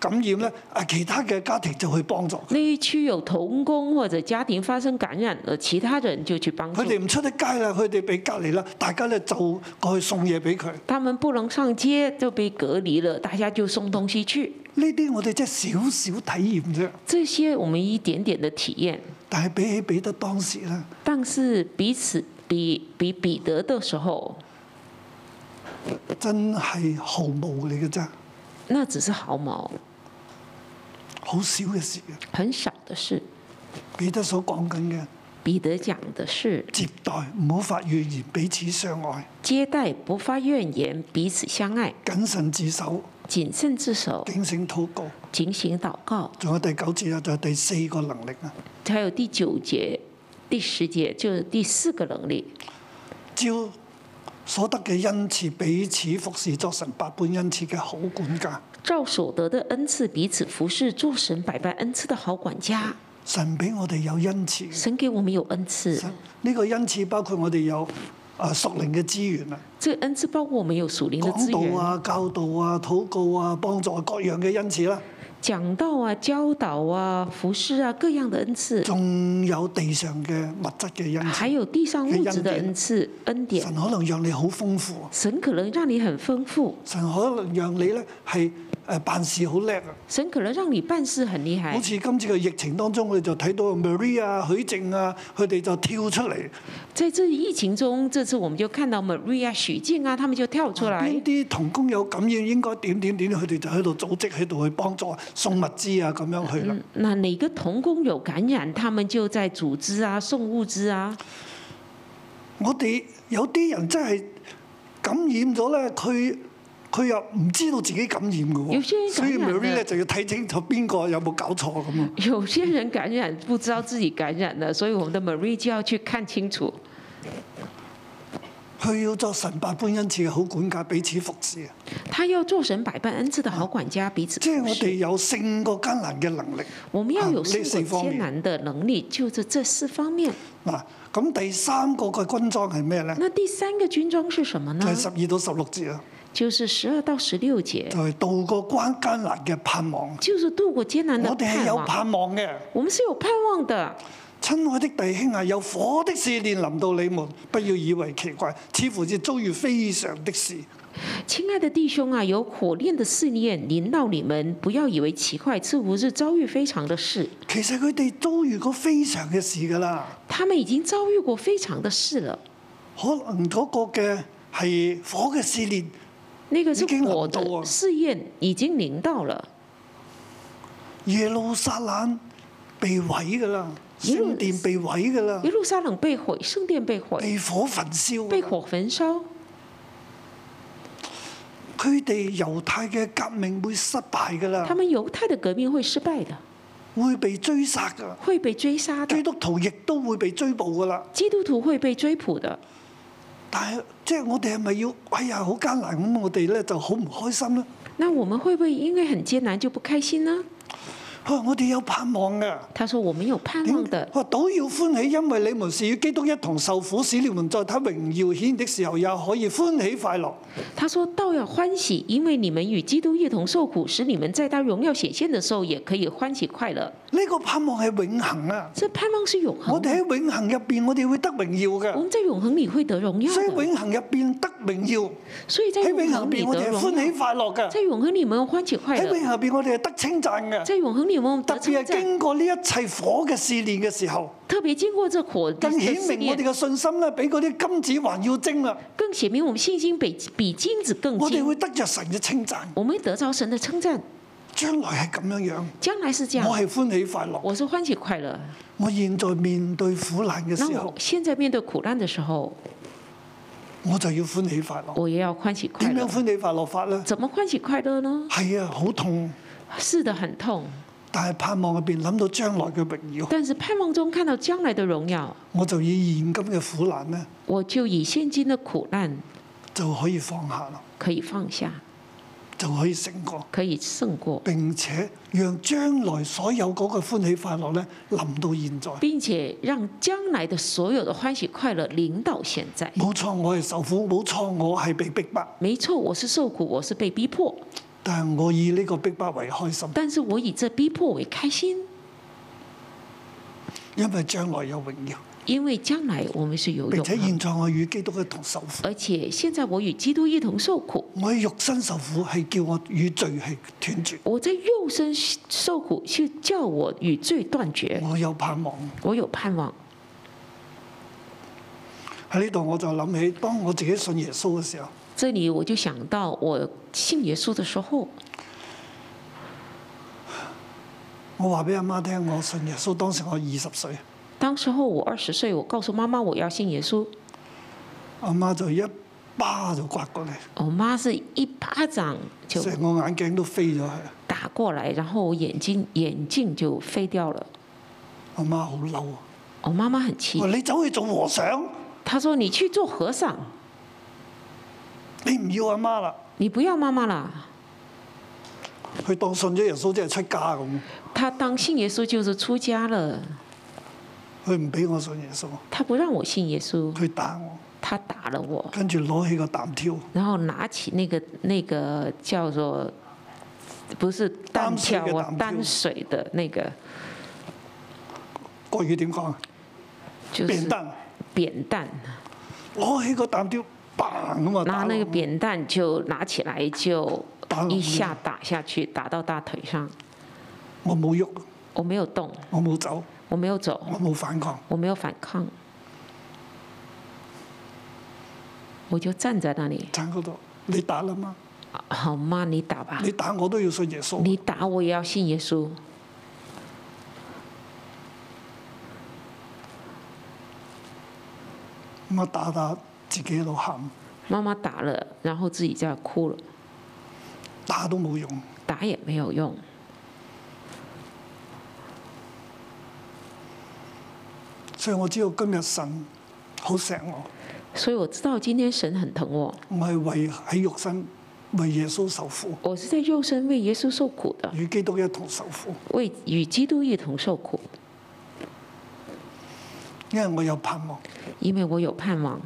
感染咧，啊，其他嘅家庭就去幫助。呢處有童工或者家庭發生感染，而其他人就去幫助。佢哋唔出得街啦，佢哋俾隔離啦，大家咧就過去送嘢俾佢。他們不能上街，就被隔離了，大家就送東西去。呢啲我哋即係少少體驗啫。這些我們一點點的體驗。但係比起彼得當時咧，但是彼此比比彼，彼，彼得的時候，真係毫毛嚟嘅啫。那只是毫毛。好少嘅事啊！很少的事。彼得所講緊嘅。彼得講嘅是。接待唔好發怨言，彼此相愛。接待不發怨言，彼此相愛。謹慎自守。謹慎自守。儆醒禱告。儆醒禱告。仲有第九節啊，仲有第四個能力啊。還有第九節、第十節，就係第四個能力。照所得嘅恩賜，彼此服侍，作神百般恩賜嘅好管家。照所得的恩賜，彼此服侍，做神百般恩賜的好管家。神俾我哋有恩賜。神給我們有恩賜。呢、這個恩賜包括我哋有啊屬靈嘅資源啦。呢個恩賜包括我們有屬靈嘅資源。這個、資源道啊、教導啊、禱告啊、幫助、啊幫助啊、各樣嘅恩賜啦。講道啊、教導啊、服侍啊，各樣嘅恩賜。仲有地上嘅物質嘅恩賜。還有地上物質嘅恩賜、恩典。神可能讓你好豐富。神可能讓你很豐富。神可能讓你咧係。誒辦事好叻啊！神可能讓你辦事很厲害。好似今次嘅疫情當中，我哋就睇到 Maria、許靖啊，佢哋就跳出嚟。在這疫情中，這次我們就看到 Maria、許靖啊，他們就跳出嚟。邊啲同工有感染，應該點點點，佢哋就喺度組織喺度去幫助送物資啊，咁樣去喇。那哪個同工有感染，他們就在組織啊，送物資啊。我哋有啲人真係感染咗咧，佢。佢又唔知道自己感染嘅喎，所以 Mary 咧就要睇清楚邊個有冇搞錯咁啊！有些人感染不知道自己感染的， [laughs] 所以我們的 Mary 就要去看清楚。佢要做神百般恩賜嘅好管家，彼此服侍啊！他要做神百般恩賜的好管家，啊、彼此服侍。即、啊、係、就是、我哋有勝過艱難嘅能力。我們要有勝過艱難嘅能力，就係這四方面。嗱，咁第三個嘅軍裝係咩咧？那第三個軍裝是什麼呢？係十二到十六節啊。就是十二到十六節，就係、是、度過關艱難嘅盼望，就是渡過艱難的。我哋係有盼望嘅，我們是有盼望的。親愛的弟兄啊，有火的試煉，臨到你們，不要以為奇怪，似乎是遭遇非常的事。親愛的弟兄啊，有火煉的試煉，臨到你們，不要以為奇怪，似乎是遭遇非常的事。其實佢哋遭遇過非常嘅事噶啦，他們已經遭遇過非常嘅事了。可能嗰個嘅係火嘅試煉。呢、那個是我的試驗已經臨到了。耶路撒冷被毀噶啦，聖殿被毀噶啦。耶路撒冷被毀，聖殿被毀，被火焚燒。被火焚燒。佢哋猶太嘅革命會失敗噶啦。他們猶太嘅革命會失敗的，會被追殺噶。會被追殺。基督徒亦都會被追捕噶啦。基督徒會被追捕的。但係，即係我哋係咪要？哎呀，好艱難咁，我哋咧就好唔開心啦。那我們會不會因為很艱難就不開心呢？我哋有盼望嘅。他說：我們有盼望的。都要歡喜，因為你們是與基督一同受苦，使你們在他榮耀顯的時候，也可以歡喜快樂。他說：都有歡喜，因為你們與基督一同受苦，使你們在他榮耀顯現的時候，也可以歡喜快樂。呢個盼望係永恒啊！這盼望是永恒。我哋喺永恒入邊，我哋會得榮耀嘅。我們在永恒裏會得榮耀。所以永恒入邊得榮耀。所以即在永恒裏我哋歡喜快樂嘅。在永恒裏，我哋歡喜快樂。喺永恒入邊，我哋係得稱讚嘅。在永恒裏。麼麼特別係經過呢一切火嘅試煉嘅時候，特別經過這火，更顯明我哋嘅信心咧，比嗰啲金子還要精啦。更顯明我們信心比比金子更。我哋會得着神嘅稱讚。我們會得着神的稱讚。將來係咁樣樣。將來是這樣。我係歡喜快樂。我是歡喜快樂。我現在面對苦難嘅時候，現在面對苦難的時候，我就要歡喜快樂。我也要歡喜快樂。點樣歡喜快樂法咧？怎麼歡喜快樂呢？係啊，好痛。是的，很痛。但係盼望入邊諗到將來嘅榮耀，但是盼望中看到將來嘅榮耀，我就以現今嘅苦難咧，我就以現今嘅苦難就可以放下咯，可以放下就可以勝過，可以勝過，並且讓將來所有嗰個歡喜快樂呢臨到現在，並且讓將來的所有的歡喜快樂領到現在。冇錯，我係受苦，冇錯，我係被逼迫。冇錯，我是受苦，我是被逼迫。但係我以呢個逼迫為開心，但是我以這逼迫為開心，因為將來有榮耀。因為將來我們是有榮耀，並且現在我與基督一同受苦，而且現在我與基督一同受苦。我肉身受苦係叫我與罪係斷絕，我在肉身受苦是叫我與罪斷絕。我有盼望，我有盼望。喺呢度我就諗起，當我自己信耶穌嘅時候。這裏我就想到我信耶穌的時候，我話俾阿媽聽，我信耶穌。當時我二十歲。當時候我二十歲，我告訴媽媽我要信耶穌。阿媽就一巴掌就刮過嚟。我媽是一巴掌就成個眼鏡都飛咗去。打過嚟。然後我眼睛眼鏡就飛掉了。阿媽好嬲啊！我媽媽很氣。我你走去做和尚？她說你去做和尚。你唔要阿媽啦？你不要媽媽啦？佢當信咗耶穌即係出家咁。佢當信耶穌就是出家了。佢唔俾我信耶穌。佢唔讓我信耶穌。佢打我。佢打了我。跟住攞起個擔挑，然後拿起那個那個叫做，不是擔挑，啊，擔水嘅那個。國語點講？扁擔。扁擔。攞起個擔挑。嘣拿那個扁擔就拿起來就一下打下去，打到大腿上。我冇喐。我沒有動。我冇走。我沒有走。我沒有反抗。我沒有反抗。我就站在那裏站嗰度。你打啦嗎？好嘛，你打吧。你打我都要信耶穌。你打我也要信耶穌。我打打。自己喺度喊，媽媽打了，然後自己就哭了。打都冇用，打也沒有用。所以我知道今日神好錫我。所以我知道今天神很疼我。我係為喺肉身為耶穌受苦，我是在肉身為耶穌受苦的，與基督一同受苦。為與基督一同受苦，因為我有盼望。因為我有盼望。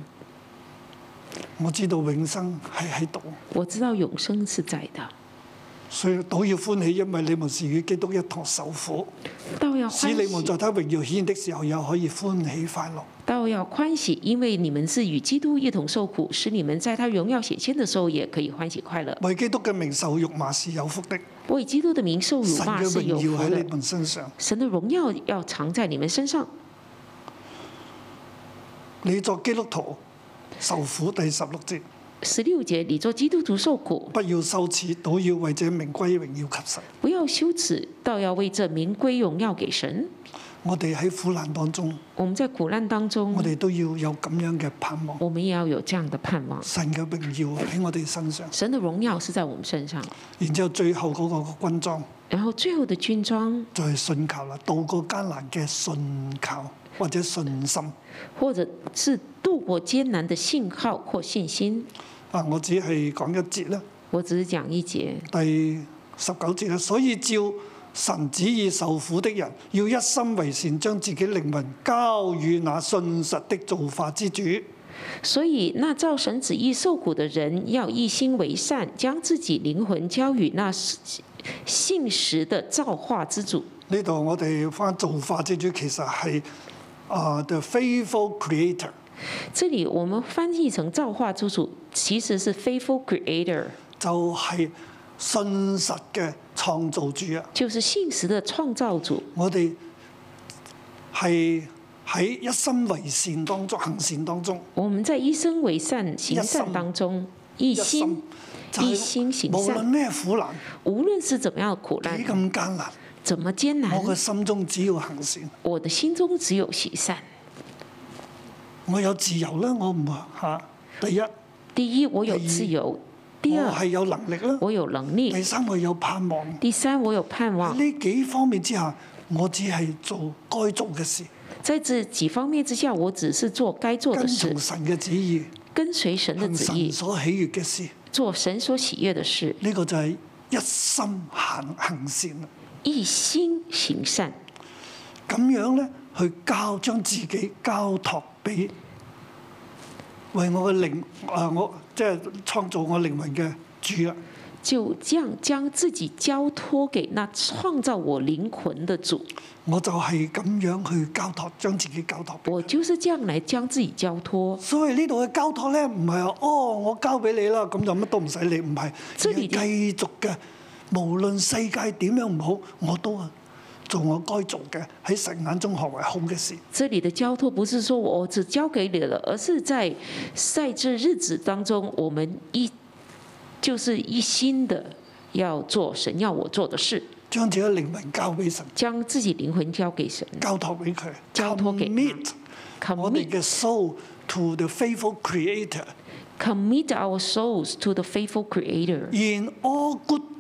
我知道永生係喺度，我知道永生是在的，所以都要歡喜，因為你們是與基督一同受苦，要使你們在他榮耀顯現的時候，也可以歡喜快樂。都要歡喜，因為你們是與基督一同受苦，使你們在他榮耀顯現的時候，也可以歡喜快樂。為基督嘅名受辱罵是有福的，為基督嘅名受辱罵是有福的。神嘅榮耀喺你們身上，神的榮耀要藏在你們身上。你作基督徒。受苦第十六節。十六節，你做基督徒受苦，不要羞恥，倒要為這名歸榮耀給神。不要羞恥，倒要為這名歸榮耀給神。我哋喺苦難當中。我們在苦難當中，我哋都要有咁樣嘅盼望。我們也要有這樣的盼望。神嘅榮耀喺我哋身上。神的榮耀是在我們身上。然之後最後嗰個軍裝。然後最後的軍裝。就係、是、信求啦，渡過艱難嘅信求，或者信心。或者是渡過艱難的信號或信心。啊，我只係講一節啦。我只是講一節。第十九節啦，所以照神旨意受苦的人，要一心為善，將自己靈魂交予那信實的造化之主。所以那照神旨意受苦的人，要一心為善，將自己靈魂交予那信實的造化之主。呢度我哋翻造化之主，之主其實係。啊、uh，The faithful creator，這裡我們翻譯成造化之主，其實是 faithful creator，就係信實嘅創造主啊，就是信實的創造主。就是、的造主我哋係喺一生為善當中行善當中，我們在一生為善行善當中，一心，一心，一，心一心行善，無論咩苦難，無論是怎樣苦難，幾咁艱難。怎麼艱難？我嘅心，心中只有行善。我嘅心中只有行善。我有自由啦，我唔話吓。第一，第一我有自由。第二，我係有能力啦。我有能力。第三，我有盼望。第三，我有盼望。呢幾方面之下，我只係做該做嘅事。在這幾方面之下，我只是做該做嘅事。跟神嘅旨意，跟隨神嘅旨意。做神所喜悅嘅事，做神所喜悅嘅事。呢、這個就係一心行行善。一心行善，咁樣咧去交將自己交託俾為我嘅靈，誒我即係、就是、創造我靈魂嘅主啊！就這樣將自己交託給那創造我靈魂嘅主。我就係咁樣去交託，將自己交託。我就是這樣來將自己交託。所以呢度嘅交託咧，唔係話哦，我交俾你啦，咁就乜都唔使你，唔係，要繼續嘅。無論世界點樣唔好，我都係做我該做嘅，喺神眼中學為好嘅事。這裡的交託不是說我只交給你了，而是在在這日子當中，我們一就是一心的要做神要我做的事，將自己靈魂交俾神，將自己靈魂交俾神，交託俾佢，交託俾佢。我哋嘅 soul to the faithful creator，commit commit our souls to the faithful creator。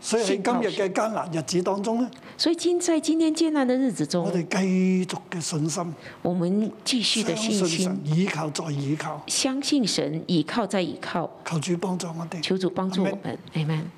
所以喺今日嘅艱難日子當中咧，所以今在今天艱難的日子中，我哋繼續嘅信心，我們繼續的信心，信依靠再依靠，相信神，依靠再依靠，求主幫助我哋，求主幫助我們，阿門。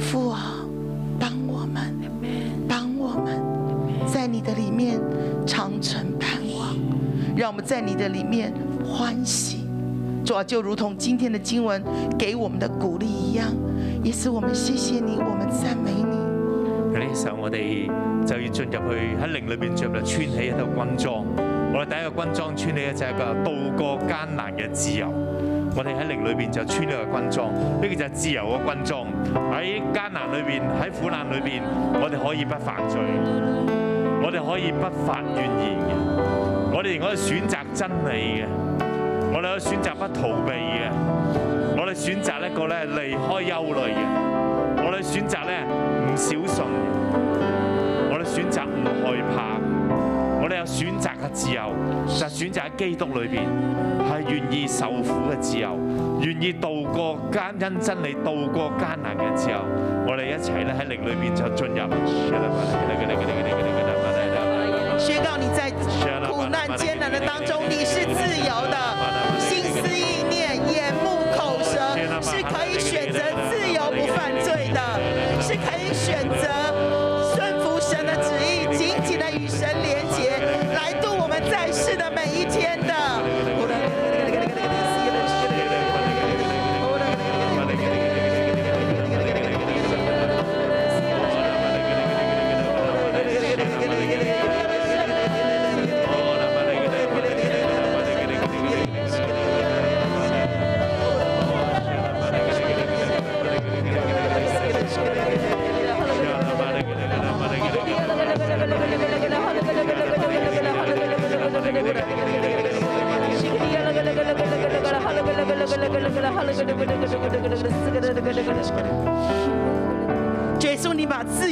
父啊，幫我們，幫我們，在你的裏面長存盼望，讓我們在你的裏面歡喜。主啊，就如同今天的經文給我們的鼓勵一樣，也是我們謝謝你，我們讚美你。呢時候我哋就要進入去喺靈裏面進入穿起一套軍裝。我哋第一個軍裝穿起嘅就係個渡過艱難嘅自由。我哋喺靈裏邊就穿咗個軍裝，呢、這個就係自由嘅軍裝。喺艱難裏邊，喺苦難裏邊，我哋可以不犯罪，我哋可以不發怨言嘅，我哋可以選擇真理嘅，我哋可以選擇不逃避嘅，我哋選擇一個咧離開憂慮嘅，我哋選擇咧唔小信，我哋選擇唔害怕，我哋有選擇嘅自由，就是、選擇喺基督裏邊。願意受苦嘅自由，願意渡過艱因真理渡過艱難嘅自由，我哋一齊咧喺靈裏邊就進入。宣告你在苦難艱難嘅當中，你是自由的。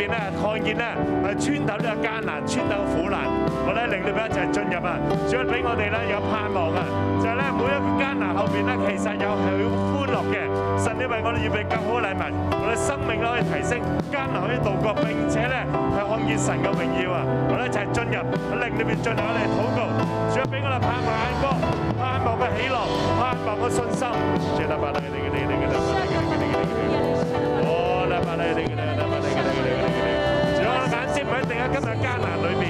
見咧看見咧，係穿透呢個艱難、穿透苦難，我咧令你哋一齊進入啊！主要俾我哋咧有盼望啊，就係、是、咧每一個艱難後邊咧其實有好歡樂嘅。神因為我哋預備更好嘅禮物，我哋生命可以提升，艱難可以度過，並且咧係看見神嘅榮耀啊！我哋一齊進入，令你哋進入我哋禱告，主要俾我哋盼望眼光、盼望嘅喜樂、盼望嘅信心。謝謝大家。今日艱難裏面。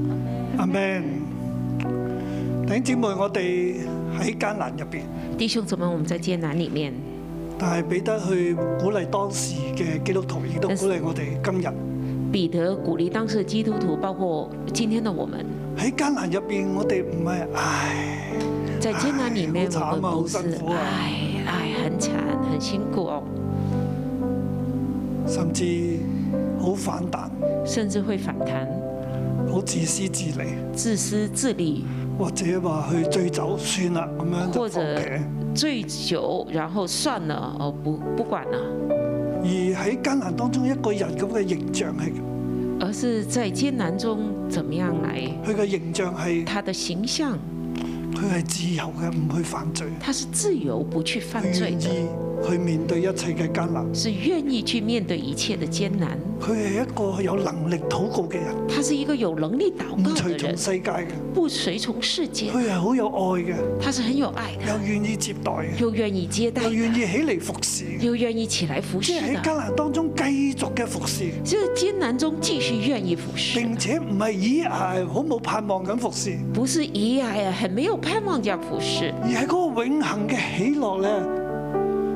Amen，弟兄姊妹，我哋喺艱難入邊，弟兄姊妹，我們在艱難裏面，但係彼得去鼓勵當時嘅基督徒，亦都鼓勵我哋今日。彼得鼓勵當時嘅基督徒，包括今天的我們。喺艱難入邊，我哋唔係唉，在艱難裏面，我們不是唉唉，很慘，很辛苦哦，甚至好反彈，甚至會反彈。好自私自利，自私自利，或者話去醉酒算啦咁樣，或者醉酒然後算了，哦不不管啦。而喺艱難當中，一個人咁嘅形象係，而是在艱難中怎麼樣嚟？佢嘅形象係，他的形象，佢係自由嘅，唔去犯罪。他是自由，不去犯罪的。去面對一切嘅艱難，是願意去面對一切嘅艱難。佢係一,一個有能力禱告嘅人，他是一個有能力禱告世界嘅，不隨從世界。佢係好有愛嘅，他是很有愛，是很有愛，又願意接待，又願意接待，又願意起嚟服侍。又願意起嚟服侍。即係喺艱難當中繼續嘅服侍，即係艱難中繼續願意服侍。並且唔係以係好冇盼望咁服侍。不是以係很沒有盼望嘅服侍。而係嗰個永恆嘅喜樂咧。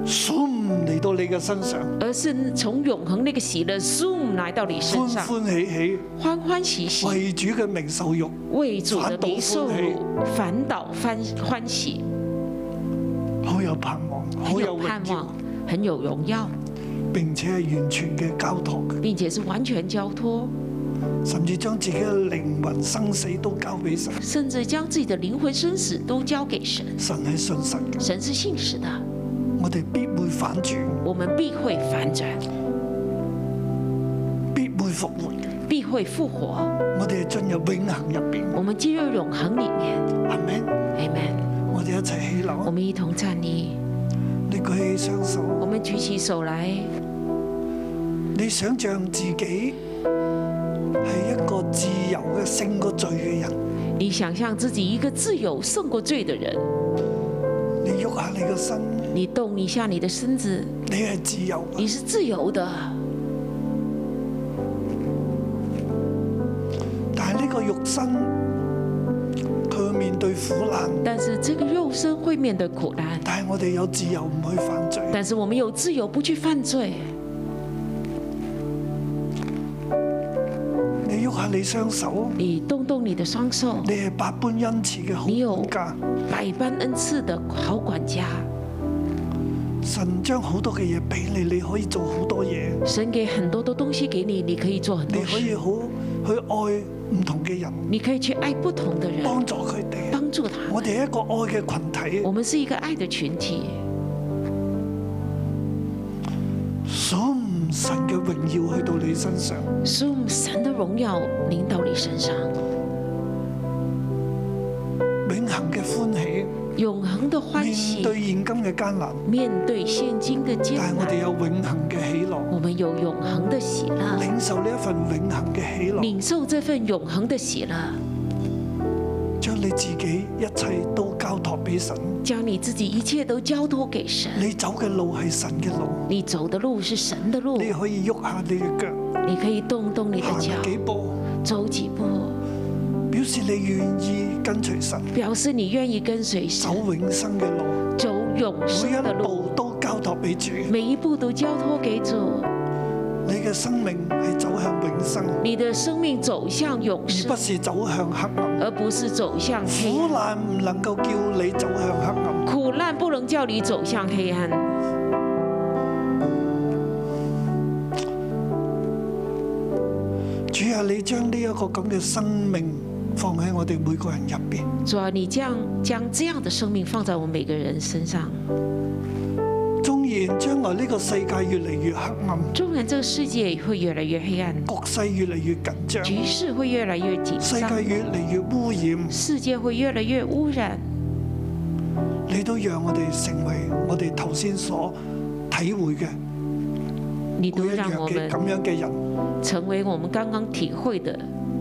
zoom 嚟到你嘅身上，而是從永恒呢個時的 zoom 來到你身上，歡歡喜喜，歡歡喜喜，為主嘅名受辱，為主嘅名受辱，反倒歡歡喜，好有盼望，好有盼望，很有榮耀，並且係完全嘅交託，並且是完全交託，甚至將自己嘅靈魂生死都交俾神，甚至將自己嘅靈魂生死都交俾神，神係信神，神是信實的。我哋必會反轉，我們必會反轉，必會復活，必會復活。我哋進入永恒入邊，我們進入永恒裏面。阿門，阿門。我哋一齊起立，我們一同站立。你舉起雙手，我們舉起手嚟。你想象自己係一個自由嘅勝過罪嘅人，你想象自己一個自由勝過罪嘅人。你喐下你個身。你動一下你的身子，你係自由㗎，你是自由的。但係呢個肉身，佢面對苦難。但是這個肉身會面對苦難。但係我哋有自由唔去犯罪。但是我們有自由不去犯罪。你喐下你雙手，你動動你的雙手。你係百般恩賜嘅好管家，百般恩賜的好管家。神將好多嘅嘢俾你，你可以做好多嘢。神給很多多東西給你，你可以做很多。你可以好去愛唔同嘅人。你可以去愛不同嘅人，幫助佢哋，幫助他,幫助他。我哋係一個愛嘅群體。我們是一個愛嘅群體。所唔神嘅榮耀去到你身上，所唔神嘅榮耀臨到你身上，永恒嘅歡喜。永恆的歡喜，面對現今嘅艱難，面對現今嘅艱難，但係我哋有永恆嘅喜樂，我們有永恆的喜樂，領受呢一份永恆嘅喜樂，領受這份永恆的，的喜樂，將你自己一切都交託俾神，將你自己一切都交託給神，你走嘅路係神嘅路，你走嘅路是神嘅路，你可以喐下你嘅腳，你可以動動你嘅腳，行幾步，走幾步。要是你願意跟隨神，表示你願意跟隨神，走永生嘅路，走永生嘅路，每一步都交託俾主，每一步都交託俾主。你嘅生命係走向永生，你的生命走向永生，不是走向黑暗，而不是走向黑暗。苦難唔能夠叫你走向黑暗，苦難不能叫你走向黑暗。主啊、這個，你將呢一個咁嘅生命。放喺我哋每個人入邊。主啊，你將將這樣的生命放在我每個人身上，縱然將來呢個世界越嚟越黑暗，縱然這個世界會越嚟越黑暗，局勢越嚟越緊張，局勢會越來越緊張，世界越嚟越污染，世界會越來越污染，你都讓我哋成為我哋頭先所體會嘅，你都讓我哋咁樣嘅人，成為我們剛剛體會的。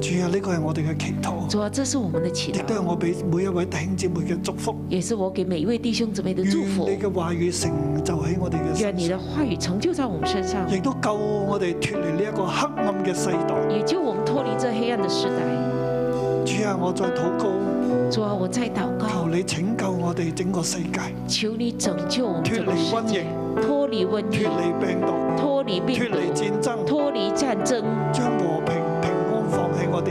主啊，呢個係我哋嘅祈禱。主啊，這是我們的祈禱。亦都係我俾每一位弟兄姊妹嘅祝福。也是我給每一位弟兄姊妹嘅祝福。你嘅話語成就喺我哋嘅身上。願你嘅話語成就在我們身上。亦都救我哋脫離呢一個黑暗嘅世代。也救我們脫離這黑暗嘅世代。主啊，我再禱告。主啊，我再禱告。求你拯救我哋整個世界。求你拯救我哋。脫離瘟疫，脫離瘟疫，脫離病毒，脫離病毒，脫離戰爭，脫離戰爭。將和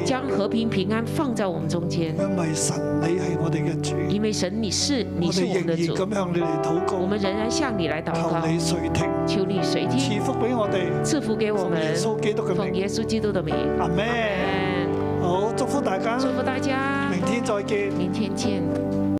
將和平平安放在我們中間，因為神，你係我哋嘅主。因為神，你是，你是我們的主。我們仍然向你你來禱告。求你垂聽，你賜福俾我哋，賜福給我們。奉耶穌基督嘅名，奉耶穌基督的名。阿門。好，祝福大家，祝福大家。明天再見，明天見，見。